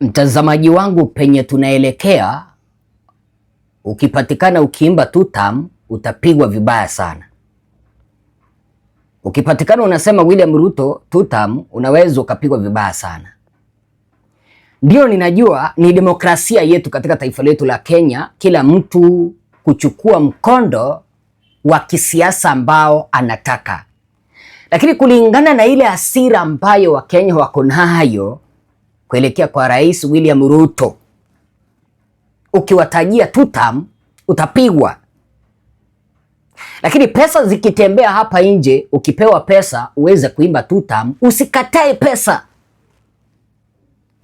Mtazamaji wangu, penye tunaelekea, ukipatikana ukiimba tutam utapigwa vibaya sana. Ukipatikana unasema William Ruto two unaweza ukapigwa vibaya sana. Ndio, ninajua ni demokrasia yetu katika taifa letu la Kenya, kila mtu kuchukua mkondo wa kisiasa ambao anataka, lakini kulingana na ile hasira ambayo Wakenya wako nayo kuelekea kwa Rais William Ruto. Ukiwatajia tutam utapigwa, lakini pesa zikitembea hapa nje, ukipewa pesa uweze kuimba tutam, usikatae pesa,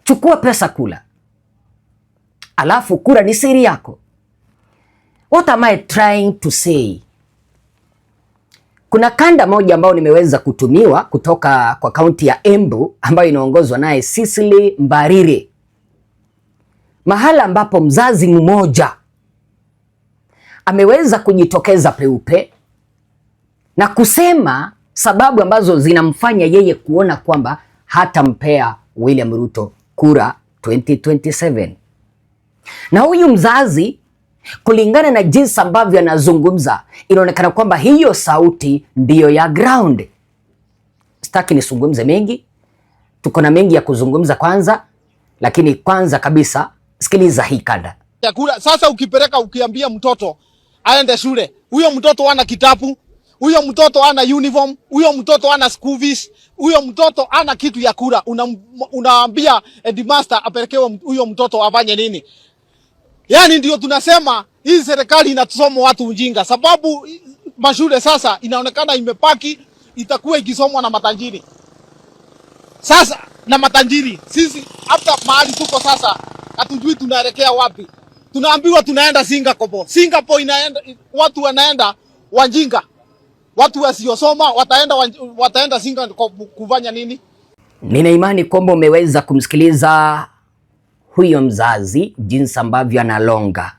chukua pesa kula, alafu kura ni siri yako. What am I trying to say? Kuna kanda moja ambayo nimeweza kutumiwa kutoka kwa kaunti ya Embu ambayo inaongozwa naye sisili Mbarire, mahala ambapo mzazi mmoja ameweza kujitokeza peupe na kusema sababu ambazo zinamfanya yeye kuona kwamba hatampea William Ruto kura 2027 na huyu mzazi Kulingana na jinsi ambavyo anazungumza, inaonekana kwamba hiyo sauti ndiyo ya ground. Sitaki nisungumze mengi, tuko na mengi ya kuzungumza kwanza, lakini kwanza kabisa sikiliza hii kanda. Chakula sasa, ukipeleka ukiambia mtoto aende shule, huyo mtoto ana kitabu, huyo mtoto ana uniform, huyo mtoto ana school fees, huyo mtoto ana kitu ya kula. Unaambia headmaster apelekewe huyo mtoto afanye nini? Yani ndio tunasema hii serikali inatusoma watu ujinga, sababu mashule sasa inaonekana imepaki, itakuwa ikisomwa na matanjiri sasa na matanjiri Sisi hata mahali tuko sasa hatujui tunaelekea wapi. Tunaambiwa tunaenda Singapore. Singapore inaenda, watu wanaenda wanjinga watu wasiosoma wataenda, wataenda Singapore kufanya nini? Nina imani kwamba umeweza kumsikiliza huyo mzazi jinsi ambavyo analonga.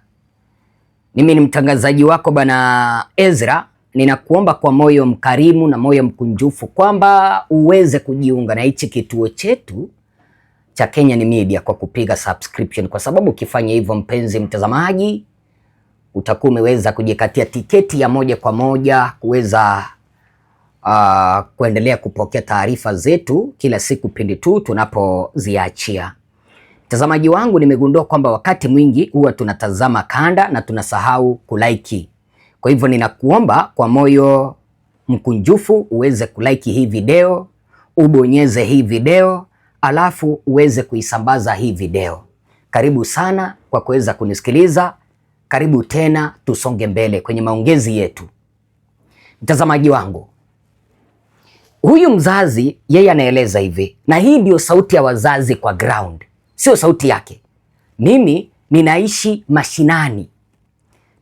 Mimi ni mtangazaji wako Bwana Ezra, ninakuomba kwa moyo mkarimu na moyo mkunjufu kwamba uweze kujiunga na hichi kituo chetu cha Kenyan Media kwa kupiga subscription, kwa sababu ukifanya hivyo, mpenzi mtazamaji, utakuwa umeweza kujikatia tiketi ya moja kwa moja kuweza uh, kuendelea kupokea taarifa zetu kila siku pindi tu tunapoziachia. Mtazamaji wangu, nimegundua kwamba wakati mwingi huwa tunatazama kanda na tunasahau kulaiki. Kwa hivyo ninakuomba kwa moyo mkunjufu uweze kulaiki hii video, ubonyeze hii video, alafu uweze kuisambaza hii video. Karibu sana kwa kuweza kunisikiliza. Karibu tena, tusonge mbele kwenye maongezi yetu. Mtazamaji wangu, huyu mzazi yeye anaeleza hivi, na hii ndio sauti ya wazazi kwa ground sio sauti yake. Mimi ninaishi mashinani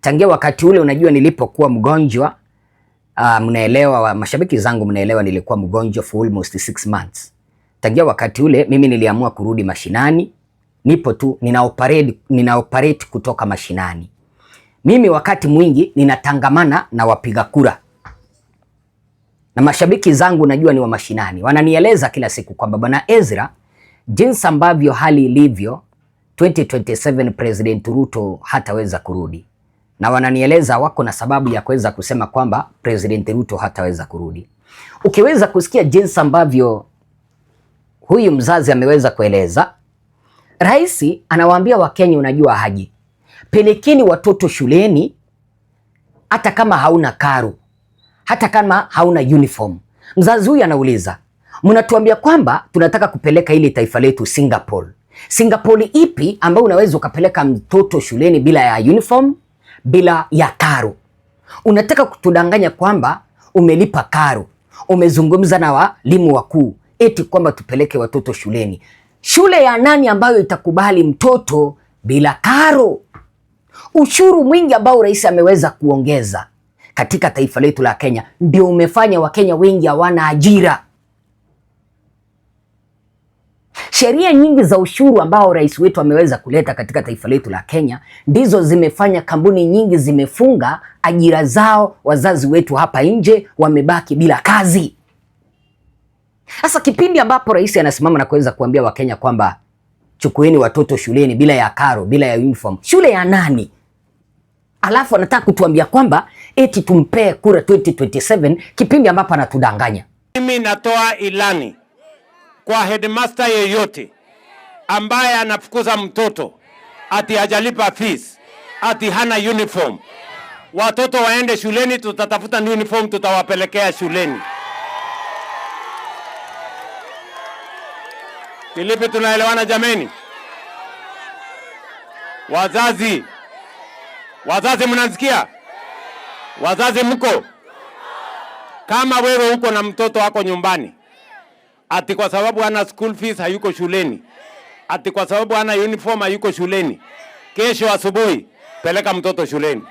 tangia wakati ule, unajua nilipokuwa mgonjwa uh, mnaelewa mashabiki zangu, mnaelewa nilikuwa mgonjwa for almost six months. Tangia wakati ule mimi niliamua kurudi mashinani, nipo tu nina operate, nina operate kutoka mashinani. Mimi wakati mwingi ninatangamana na wapiga kura na mashabiki zangu, najua ni wa mashinani, wananieleza kila siku kwamba bwana Ezra Jinsi ambavyo hali ilivyo 2027 President Ruto hataweza kurudi, na wananieleza wako na sababu ya kuweza kusema kwamba President Ruto hataweza kurudi. Ukiweza kusikia jinsi ambavyo huyu mzazi ameweza kueleza, rais anawaambia Wakenya, unajua haji, pelekeni watoto shuleni, hata kama hauna karu, hata kama hauna uniform. Mzazi huyu anauliza mnatuambia kwamba tunataka kupeleka ili taifa letu Singapore. Singapore ipi ambayo unaweza ukapeleka mtoto shuleni bila ya uniform, bila ya karo? Unataka kutudanganya kwamba umelipa karo, umezungumza na walimu wakuu eti kwamba tupeleke watoto shuleni. Shule ya nani ambayo itakubali mtoto bila karo? Ushuru mwingi ambao rais ameweza kuongeza katika taifa letu la Kenya ndio umefanya Wakenya wengi hawana ajira. Sheria nyingi za ushuru ambao rais wetu ameweza kuleta katika taifa letu la Kenya ndizo zimefanya kampuni nyingi zimefunga ajira zao, wazazi wetu hapa nje wamebaki bila kazi. Sasa kipindi ambapo rais anasimama na kuweza kuambia Wakenya kwamba chukueni watoto shuleni bila ya karo, bila ya uniform, shule ya nani? Alafu anataka kutuambia kwamba eti tumpee kura 2027 kipindi ambapo anatudanganya. Mimi natoa ilani kwa headmaster yeyote ambaye anafukuza mtoto ati hajalipa fees, ati hana uniform. Watoto waende shuleni, tutatafuta uniform, tutawapelekea shuleni. Kilipi, tunaelewana jameni? Wazazi, wazazi, mnanisikia? Wazazi mko? Kama wewe uko na mtoto wako nyumbani ati kwa sababu ana school fees hayuko shuleni, ati kwa sababu ana uniform hayuko shuleni. Kesho asubuhi peleka mtoto shuleni.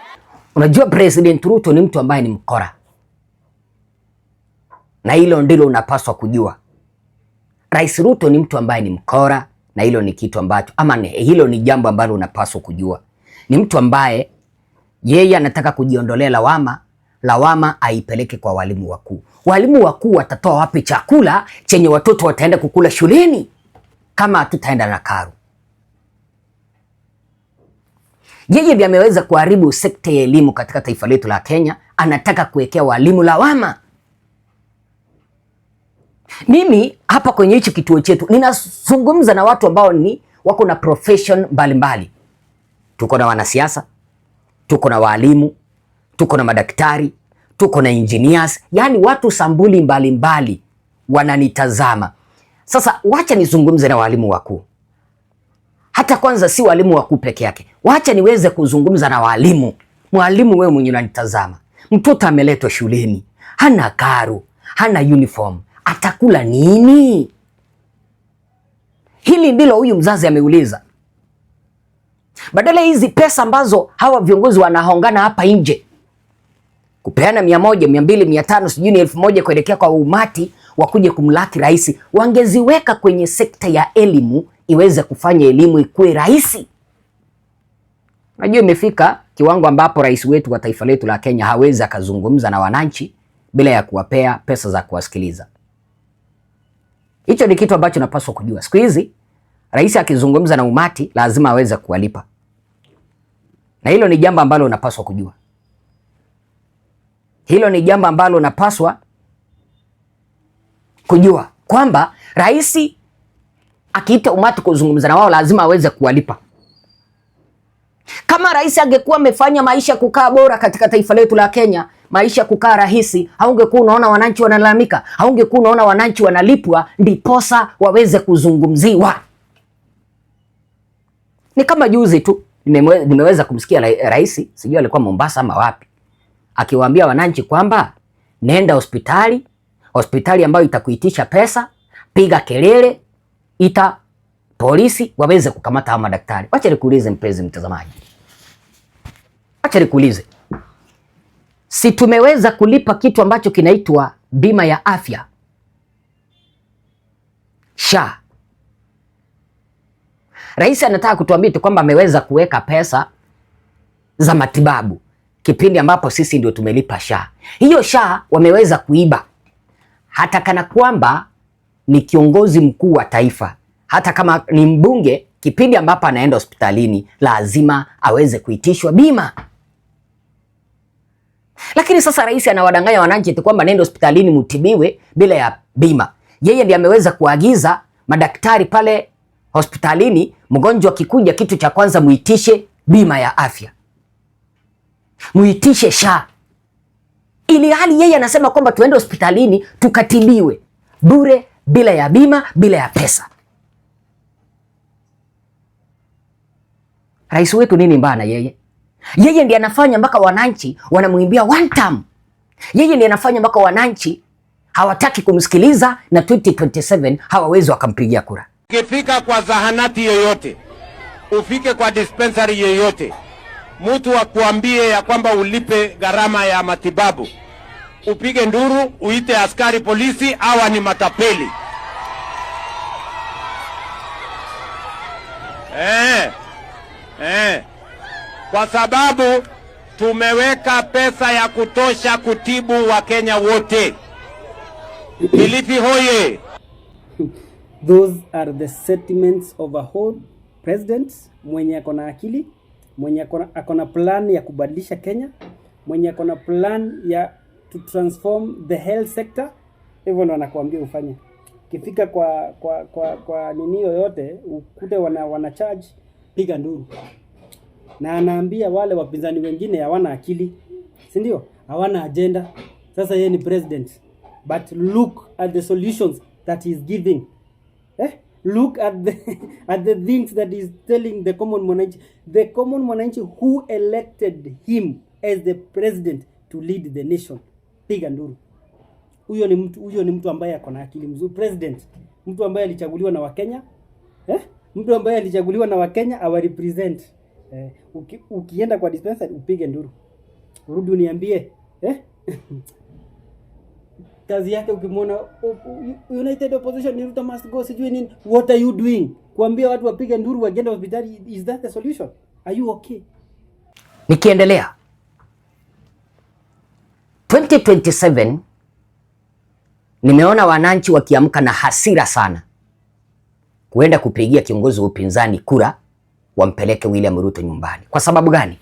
Unajua President Ruto ni mtu ambaye ni mkora, na hilo ndilo unapaswa kujua. Rais Ruto ni mtu ambaye ni mkora, na hilo ni kitu ambacho ama ni, hilo ni jambo ambalo unapaswa kujua. Ni mtu ambaye yeye anataka kujiondolea lawama, lawama aipeleke kwa walimu wakuu walimu wakuu watatoa wapi chakula chenye watoto wataenda kukula shuleni kama hatutaenda na KARU? Yeye ameweza kuharibu sekta ya elimu katika taifa letu la Kenya, anataka kuwekea walimu lawama. Mimi hapa kwenye hichi kituo chetu ninazungumza na watu ambao ni wako na profession mbalimbali. Tuko na wanasiasa, tuko na walimu, tuko na madaktari, tuko na engineers, yani watu sambuli mbalimbali mbali wananitazama. Sasa wacha nizungumze na walimu wakuu, hata kwanza si walimu wakuu peke yake, wacha niweze kuzungumza na walimu. Mwalimu wewe mwenye unanitazama, mtoto ameletwa shuleni, hana karo, hana uniform, atakula nini? Hili ndilo huyu mzazi ameuliza, badala hizi pesa ambazo hawa viongozi wanahongana hapa nje kupeana mia moja mia mbili mia tano sijui ni elfu moja kuelekea kwa umati wakuje kumlaki rais, wangeziweka kwenye sekta ya elimu iweze kufanya elimu ikuwe rahisi. Najua imefika kiwango ambapo rais wetu wa taifa letu la Kenya hawezi akazungumza na wananchi bila ya kuwapea pesa za kuwasikiliza. Hicho ni kitu ambacho napaswa kujua. Siku hizi rais akizungumza na umati lazima aweze kuwalipa, na hilo ni jambo ambalo unapaswa kujua. Hilo ni jambo ambalo napaswa kujua kwamba rais akiita umati kuzungumza na wao lazima aweze kuwalipa. Kama rais angekuwa amefanya maisha kukaa bora katika taifa letu la Kenya, maisha kukaa rahisi, haungekuwa unaona wananchi wanalalamika, haungekuwa unaona wananchi wanalipwa ndiposa waweze kuzungumziwa. Ni kama juzi tu nimeweza kumsikia rais, sijui alikuwa Mombasa ama wapi, akiwaambia wananchi kwamba nenda hospitali, hospitali ambayo itakuitisha pesa, piga kelele, ita polisi waweze kukamata hao madaktari. Wacha nikuulize mpenzi mtazamaji, wacha nikuulize, si tumeweza kulipa kitu ambacho kinaitwa bima ya afya SHA? Rais anataka kutuambia tu kwamba ameweza kuweka pesa za matibabu kipindi ambapo sisi ndio tumelipa SHA. Hiyo SHA wameweza kuiba, hata kana kwamba ni kiongozi mkuu wa taifa, hata kama ni mbunge, kipindi ambapo anaenda hospitalini lazima aweze kuitishwa bima. Lakini sasa rais anawadanganya wananchi tu kwamba nenda hospitalini mutibiwe bila ya bima. Yeye ndiye ameweza kuagiza madaktari pale hospitalini, mgonjwa akikuja, kitu cha kwanza muitishe bima ya afya muitishe SHA, ili hali yeye anasema kwamba tuende hospitalini tukatibiwe bure, bila ya bima, bila ya pesa. Rais wetu nini mbana yeye? Yeye ndiye anafanya mpaka wananchi wanamwimbia one term. Yeye ndiye anafanya mpaka wananchi hawataki kumsikiliza na 2027 hawawezi wakampigia kura. Ukifika kwa zahanati yoyote, ufike kwa dispensary yoyote mtu akuambie ya kwamba ulipe gharama ya matibabu, upige nduru, uite askari polisi, hawa ni matapeli eh, eh, kwa sababu tumeweka pesa ya kutosha kutibu Wakenya wote. Kilifi hoye! Those are the sentiments of a whole president mwenye ako na akili mwenye akona plan ya kubadilisha Kenya, mwenye akona plan ya to transform the health sector. Hivyo ndo anakuambia ufanye. Kifika kwa kwa kwa, kwa nini yoyote ukute wana, wana charge piga nduru, na anaambia wale wapinzani wengine hawana akili, si ndio? Hawana agenda. Sasa yeye ni president, but look at the solutions that he is giving look at the at the things that is telling the common mwananchi the common mwananchi who elected him as the president to lead the nation piga nduru huyo ni mtu huyo ni mtu ambaye ako na akili mzuri president mtu ambaye alichaguliwa na wakenya eh? mtu ambaye alichaguliwa na wakenya awa represent eh, uki, ukienda kwa dispensary upige nduru rudi uniambie eh? kazi yake ukimwona United Opposition ni Ruto must go, sijui nini, what are you doing? Kuambia watu wapige nduru wagenda hospitali, is that the solution? Are you okay? Nikiendelea 2027 nimeona wananchi wakiamka na hasira sana kuenda kupigia kiongozi wa upinzani kura wampeleke William Ruto nyumbani. Kwa sababu gani?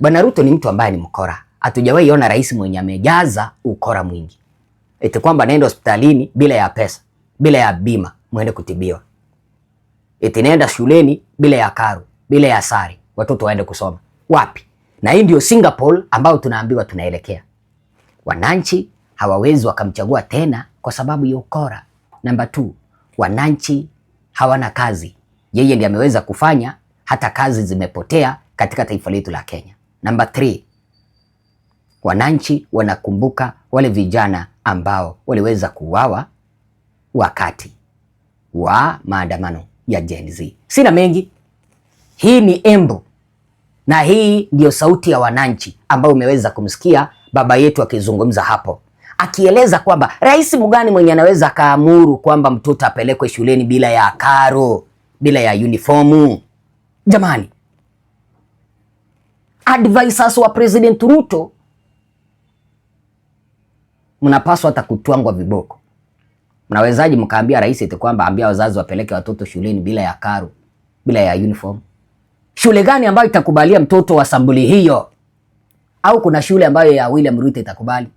Bwana Ruto ni mtu ambaye ni mkora. Hatujawahi ona rais mwenye amejaza ukora mwingi eti kwamba nenda hospitalini bila ya pesa, bila ya bima, muende kutibiwa. Eti nenda shuleni bila ya karo, bila ya sare, watoto waende kusoma wapi? Na hii ndio Singapore ambayo tunaambiwa tunaelekea. Wananchi hawawezi wakamchagua tena kwa sababu ya ukora. Namba 2, wananchi hawana kazi. Yeye ndiye ameweza kufanya hata kazi zimepotea katika taifa letu la Kenya. Namba 3, wananchi wanakumbuka wale vijana ambao waliweza kuuawa wakati wa maandamano ya Gen Z. Sina mengi, hii ni Embo na hii ndiyo sauti ya wananchi ambayo umeweza kumsikia baba yetu akizungumza hapo, akieleza kwamba rais mgani mwenye anaweza akaamuru kwamba mtoto apelekwe shuleni bila ya karo, bila ya uniformu. Jamani, advisors wa President Ruto mnapaswa hata kutwangwa viboko. Mnawezaji mkaambia rais eti kwamba ambia wazazi wapeleke watoto shuleni bila ya karo, bila ya uniform? Shule gani ambayo itakubalia mtoto wa sambuli hiyo? Au kuna shule ambayo ya William Ruto itakubali?